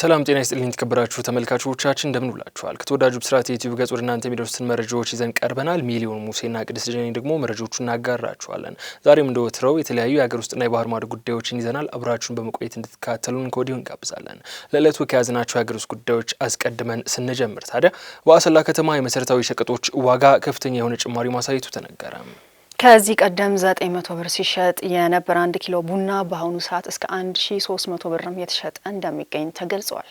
ሰላም ጤና ይስጥልኝ የተከበራችሁ ተመልካቾቻችን እንደምን ውላችኋል። ከተወዳጁ ብስራት የዩቲዩብ ገጽ ወደ እናንተ የሚደርሱትን መረጃዎች ይዘን ቀርበናል። ሚሊዮን ሙሴና ቅድስት ጀኔ ደግሞ መረጃዎቹ እናጋራችኋለን። ዛሬም እንደወትረው የተለያዩ የሀገር ውስጥና የባህር ማዶ ጉዳዮችን ይዘናል። አብራችሁን በመቆየት እንድትከታተሉን ከወዲሁ እንጋብዛለን። ለዕለቱ ከያዝናቸው የሀገር ውስጥ ጉዳዮች አስቀድመን ስንጀምር ታዲያ በአሰላ ከተማ የመሰረታዊ ሸቀጦች ዋጋ ከፍተኛ የሆነ ጭማሪ ማሳየቱ ተነገረ። ከዚህ ቀደም 900 ብር ሲሸጥ የነበረ አንድ ኪሎ ቡና በአሁኑ ሰዓት እስከ 1300 ብርም የተሸጠ እንደሚገኝ ተገልጿል።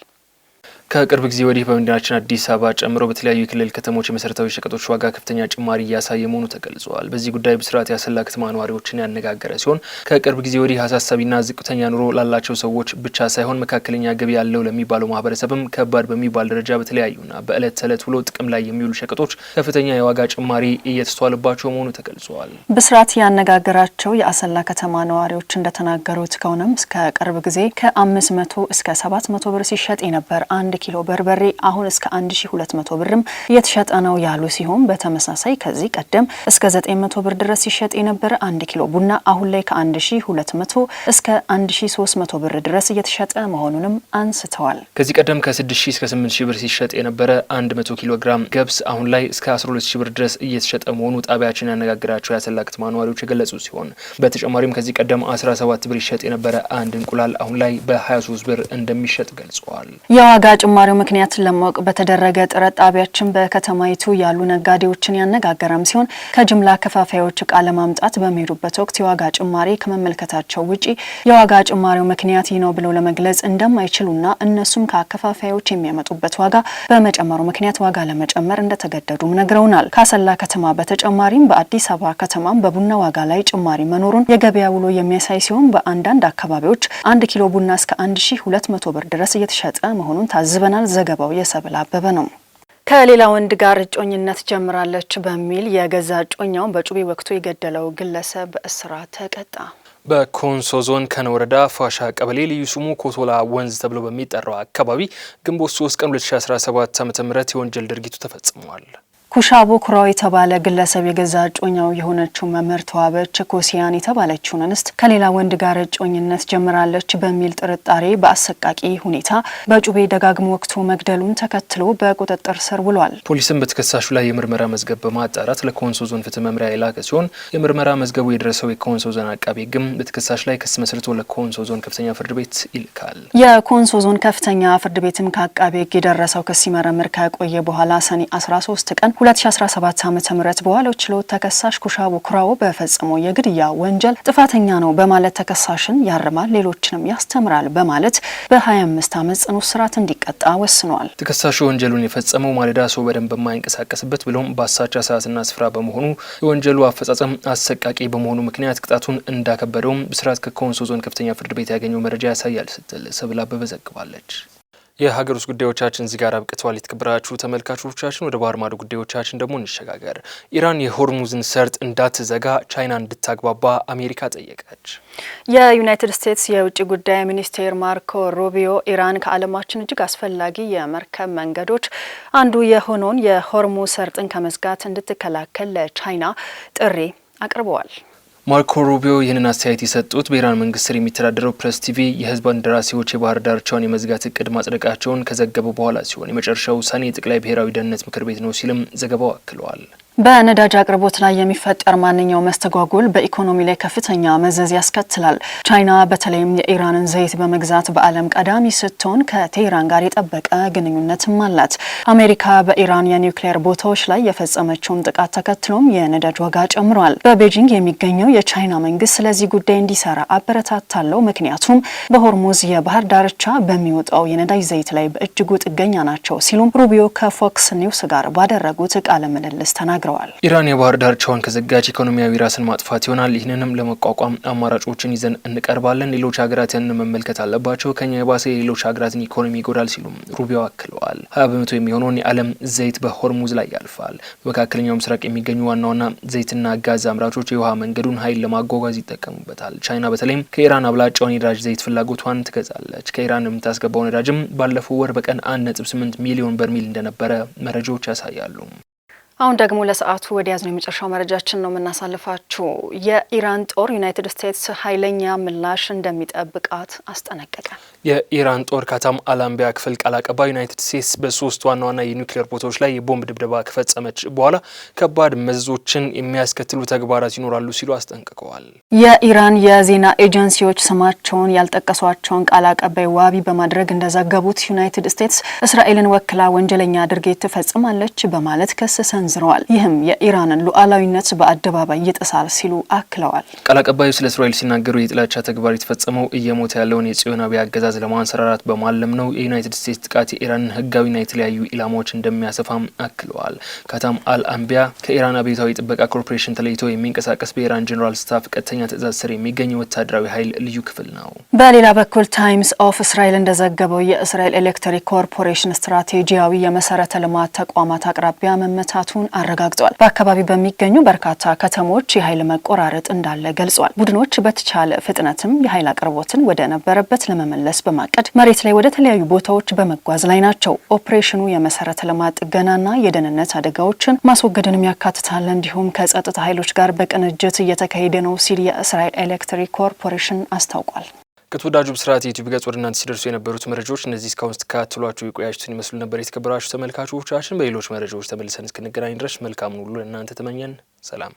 ከቅርብ ጊዜ ወዲህ በመዲናችን አዲስ አበባ ጨምሮ በተለያዩ የክልል ከተሞች የመሰረታዊ ሸቀጦች ዋጋ ከፍተኛ ጭማሪ እያሳየ መሆኑ ተገልጿል። በዚህ ጉዳይ ብስራት ያሰላ ከተማ ነዋሪዎችን ያነጋገረ ሲሆን ከቅርብ ጊዜ ወዲህ አሳሳቢና ዝቅተኛ ኑሮ ላላቸው ሰዎች ብቻ ሳይሆን መካከለኛ ገቢ ያለው ለሚባለው ማህበረሰብም ከባድ በሚባል ደረጃ በተለያዩና በዕለት ተዕለት ውሎ ጥቅም ላይ የሚውሉ ሸቀጦች ከፍተኛ የዋጋ ጭማሪ እየተስተዋለባቸው መሆኑ ተገልጿል። ብስራት ያነጋገራቸው የአሰላ ከተማ ነዋሪዎች እንደተናገሩት ከሆነም እስከ ቅርብ ጊዜ ከአምስት መቶ እስከ ሰባት መቶ ብር ሲሸጥ የነበር አንድ ኪሎ በርበሬ አሁን እስከ 1200 ብርም እየተሸጠ ነው ያሉ ሲሆን በተመሳሳይ ከዚህ ቀደም እስከ 900 ብር ድረስ ሲሸጥ የነበረ አንድ ኪሎ ቡና አሁን ላይ ከ1200 እስከ 1300 ብር ድረስ እየተሸጠ መሆኑንም አንስተዋል። ከዚህ ቀደም ከ6000 እስከ 8000 ብር ሲሸጥ የነበረ 100 ኪሎ ግራም ገብስ አሁን ላይ እስከ 12000 ብር ድረስ እየተሸጠ መሆኑ ጣቢያችን ያነጋግራቸው የአሰላ ነዋሪዎች የገለጹ ሲሆን በተጨማሪም ከዚህ ቀደም 17 ብር ይሸጥ የነበረ አንድ እንቁላል አሁን ላይ በ23 ብር እንደሚሸጥ ገልጸዋል። የዋጋ ጭማሪው ምክንያት ለማወቅ በተደረገ ጥረት ጣቢያችን በከተማይቱ ያሉ ነጋዴዎችን ያነጋገረም ሲሆን ከጅምላ ከፋፋዮች እቃ ለማምጣት በሚሄዱበት ወቅት የዋጋ ጭማሪ ከመመልከታቸው ውጪ የዋጋ ጭማሪው ምክንያት ይህ ነው ብለው ለመግለጽ እንደማይችሉና እነሱም ከአከፋፋዮች የሚያመጡበት ዋጋ በመጨመሩ ምክንያት ዋጋ ለመጨመር እንደተገደዱም ነግረውናል። ከአሰላ ከተማ በተጨማሪም በአዲስ አበባ ከተማም በቡና ዋጋ ላይ ጭማሪ መኖሩን የገበያ ውሎ የሚያሳይ ሲሆን በአንዳንድ አካባቢዎች አንድ ኪሎ ቡና እስከ 1200 ብር ድረስ እየተሸጠ መሆኑን ታዝበናል። ዘገባው የሰብል አበበ ነው። ከሌላ ወንድ ጋር እጮኝነት ጀምራለች በሚል የገዛ እጮኛውን በጩቤ ወቅቱ የገደለው ግለሰብ እስራ ተቀጣ። በኮንሶ ዞን ከነወረዳ ወረዳ ፋሻ ቀበሌ ልዩ ስሙ ኮቶላ ወንዝ ተብሎ በሚጠራው አካባቢ ግንቦት 3 ቀን 2017 ዓ ም የወንጀል ድርጊቱ ተፈጽሟል። ኩሻቦ ኩራው የተባለ ግለሰብ የገዛ እጮኛው የሆነችው መምህር ተዋበች ኮሲያን የተባለችውን እንስት ከሌላ ወንድ ጋር እጮኝነት ጀምራለች በሚል ጥርጣሬ በአሰቃቂ ሁኔታ በጩቤ ደጋግሞ ወቅቶ መግደሉን ተከትሎ በቁጥጥር ስር ውሏል። ፖሊስም በተከሳሹ ላይ የምርመራ መዝገብ በማጣራት ለኮንሶ ዞን ፍትህ መምሪያ የላከ ሲሆን የምርመራ መዝገቡ የደረሰው የኮንሶ ዞን አቃቤ ሕግም በተከሳሽ ላይ ክስ መስርቶ ለኮንሶ ዞን ከፍተኛ ፍርድ ቤት ይልካል። የኮንሶ ዞን ከፍተኛ ፍርድ ቤትም ከአቃቤ ሕግ የደረሰው ክስ ሲመረምር ከቆየ በኋላ ሰኔ 13 ቀን ከ2017 ዓ ም በዋለው ችሎት ተከሳሽ ኩሻቡ ኩራቦ በፈጸመው የግድያ ወንጀል ጥፋተኛ ነው በማለት ተከሳሽን ያርማል፣ ሌሎችንም ያስተምራል በማለት በ25 ዓመት ጽኑ እስራት እንዲቀጣ ወስኗል። ተከሳሹ ወንጀሉን የፈጸመው ማለዳ ሰው በደንብ በማይንቀሳቀስበት ብሎም በአሳቻ ሰዓትና ስፍራ በመሆኑ የወንጀሉ አፈጻጸም አሰቃቂ በመሆኑ ምክንያት ቅጣቱን እንዳከበደውም ብስራት ከኮንሶ ዞን ከፍተኛ ፍርድ ቤት ያገኘው መረጃ ያሳያል ስትል ሰብለ አበበ ዘግባለች። የሀገር ውስጥ ጉዳዮቻችን እዚህ ጋር አብቅተዋል። የተከበራችሁ ተመልካቾቻችን ወደ ባህር ማዶ ጉዳዮቻችን ደግሞ እንሸጋገር። ኢራን የሆርሙዝን ሰርጥ እንዳትዘጋ ቻይና እንድታግባባ አሜሪካ ጠየቀች። የዩናይትድ ስቴትስ የውጭ ጉዳይ ሚኒስቴር ማርኮ ሩቢዮ ኢራን ከዓለማችን እጅግ አስፈላጊ የመርከብ መንገዶች አንዱ የሆነውን የሆርሙዝ ሰርጥን ከመዝጋት እንድትከላከል ለቻይና ጥሪ አቅርበዋል። ማርኮ ሩቢዮ ይህንን አስተያየት የሰጡት በኢራን መንግስት ስር የሚተዳደረው ፕሬስ ቲቪ የህዝብ እንደራሴዎች የባህር ዳርቻውን የመዝጋት እቅድ ማጽደቃቸውን ከዘገቡ በኋላ ሲሆን የመጨረሻው ውሳኔ የጠቅላይ ብሔራዊ ደህንነት ምክር ቤት ነው ሲልም ዘገባው አክለዋል። በነዳጅ አቅርቦት ላይ የሚፈጠር ማንኛው መስተጓጎል በኢኮኖሚ ላይ ከፍተኛ መዘዝ ያስከትላል። ቻይና በተለይም የኢራንን ዘይት በመግዛት በዓለም ቀዳሚ ስትሆን ከቴህራን ጋር የጠበቀ ግንኙነትም አላት። አሜሪካ በኢራን የኒውክሌር ቦታዎች ላይ የፈጸመችውን ጥቃት ተከትሎም የነዳጅ ዋጋ ጨምሯል። በቤጂንግ የሚገኘው የቻይና መንግስት ስለዚህ ጉዳይ እንዲሰራ አበረታታለው። ምክንያቱም በሆርሙዝ የባህር ዳርቻ በሚወጣው የነዳጅ ዘይት ላይ በእጅጉ ጥገኛ ናቸው ሲሉም ሩቢዮ ከፎክስ ኒውስ ጋር ባደረጉት ቃለ ምልልስ ተናግረዋል። ኢራን የባህር ዳርቻዋን ከዘጋጅ ኢኮኖሚያዊ ራስን ማጥፋት ይሆናል። ይህንንም ለመቋቋም አማራጮችን ይዘን እንቀርባለን። ሌሎች ሀገራት ያንን መመልከት አለባቸው። ከኛ የባሰ የሌሎች ሀገራትን ኢኮኖሚ ይጎዳል ሲሉም ሩቢዮ አክለዋል። ሀያ በመቶ የሚሆነውን የዓለም ዘይት በሆርሙዝ ላይ ያልፋል። በመካከለኛው ምስራቅ የሚገኙ ዋና ዋና ዘይትና ጋዝ አምራቾች የውሃ መንገዱን ኃይል ለማጓጓዝ ይጠቀሙበታል። ቻይና በተለይም ከኢራን አብላጫውን የነዳጅ ዘይት ፍላጎቷን ትገዛለች። ከኢራን የምታስገባው ነዳጅም ባለፈው ወር በቀን አንድ ነጥብ ስምንት ሚሊዮን በርሚል እንደነበረ መረጃዎች ያሳያሉ። አሁን ደግሞ ለሰዓቱ ወደ ያዝነው የመጨረሻው መረጃችን ነው የምናሳልፋችሁ። የኢራን ጦር ዩናይትድ ስቴትስ ኃይለኛ ምላሽ እንደሚጠብቃት አስጠነቀቀ። የኢራን ጦር ካታም አላምቢያ ክፍል ቃል አቀባይ ዩናይትድ ስቴትስ በሶስት ዋና ዋና የኒውክሌር ቦታዎች ላይ የቦምብ ድብደባ ከፈጸመች በኋላ ከባድ መዘዞችን የሚያስከትሉ ተግባራት ይኖራሉ ሲሉ አስጠንቅቀዋል። የኢራን የዜና ኤጀንሲዎች ስማቸውን ያልጠቀሷቸውን ቃል አቀባይ ዋቢ በማድረግ እንደዘገቡት ዩናይትድ ስቴትስ እስራኤልን ወክላ ወንጀለኛ ድርጊት ትፈጽማለች በማለት ከሰሰን ሰንዝረዋል። ይህም የኢራንን ሉዓላዊነት በአደባባይ ይጥሳል ሲሉ አክለዋል። ቃል አቀባዩ ስለ እስራኤል ሲናገሩ የጥላቻ ተግባር የተፈጸመው እየሞተ ያለውን የጽዮናዊ አገዛዝ ለማንሰራራት በማለም ነው። የዩናይትድ ስቴትስ ጥቃት የኢራንን ህጋዊና የተለያዩ ኢላማዎች እንደሚያሰፋም አክለዋል። ካታም አል አምቢያ ከኢራን አብዮታዊ ጥበቃ ኮርፖሬሽን ተለይቶ የሚንቀሳቀስ በኢራን ጀኔራል ስታፍ ቀጥተኛ ትእዛዝ ስር የሚገኝ ወታደራዊ ኃይል ልዩ ክፍል ነው። በሌላ በኩል ታይምስ ኦፍ እስራኤል እንደዘገበው የእስራኤል ኤሌክትሪክ ኮርፖሬሽን ስትራቴጂያዊ የመሰረተ ልማት ተቋማት አቅራቢያ መመታቱ መሆናቸውን አረጋግጧል። በአካባቢ በሚገኙ በርካታ ከተሞች የኃይል መቆራረጥ እንዳለ ገልጿል። ቡድኖች በተቻለ ፍጥነትም የኃይል አቅርቦትን ወደ ነበረበት ለመመለስ በማቀድ መሬት ላይ ወደ ተለያዩ ቦታዎች በመጓዝ ላይ ናቸው። ኦፕሬሽኑ የመሰረተ ልማት ጥገናና የደህንነት አደጋዎችን ማስወገድንም ያካትታል። እንዲሁም ከጸጥታ ኃይሎች ጋር በቅንጅት እየተካሄደ ነው ሲል የእስራኤል ኤሌክትሪክ ኮርፖሬሽን አስታውቋል። ከተወዳጁ ብስራት የዩቲዩብ ገጽ ወደ እናንተ ሲደርሱ የነበሩት መረጃዎች እነዚህ እስካሁን ስትከታተሏቸው የቆያችሁትን ይመስሉ ነበር። የተከበራችሁ ተመልካቾቻችን፣ በሌሎች መረጃዎች ተመልሰን እስክንገናኝ ድረስ መልካሙን ሁሉ ለእናንተ ተመኘን። ሰላም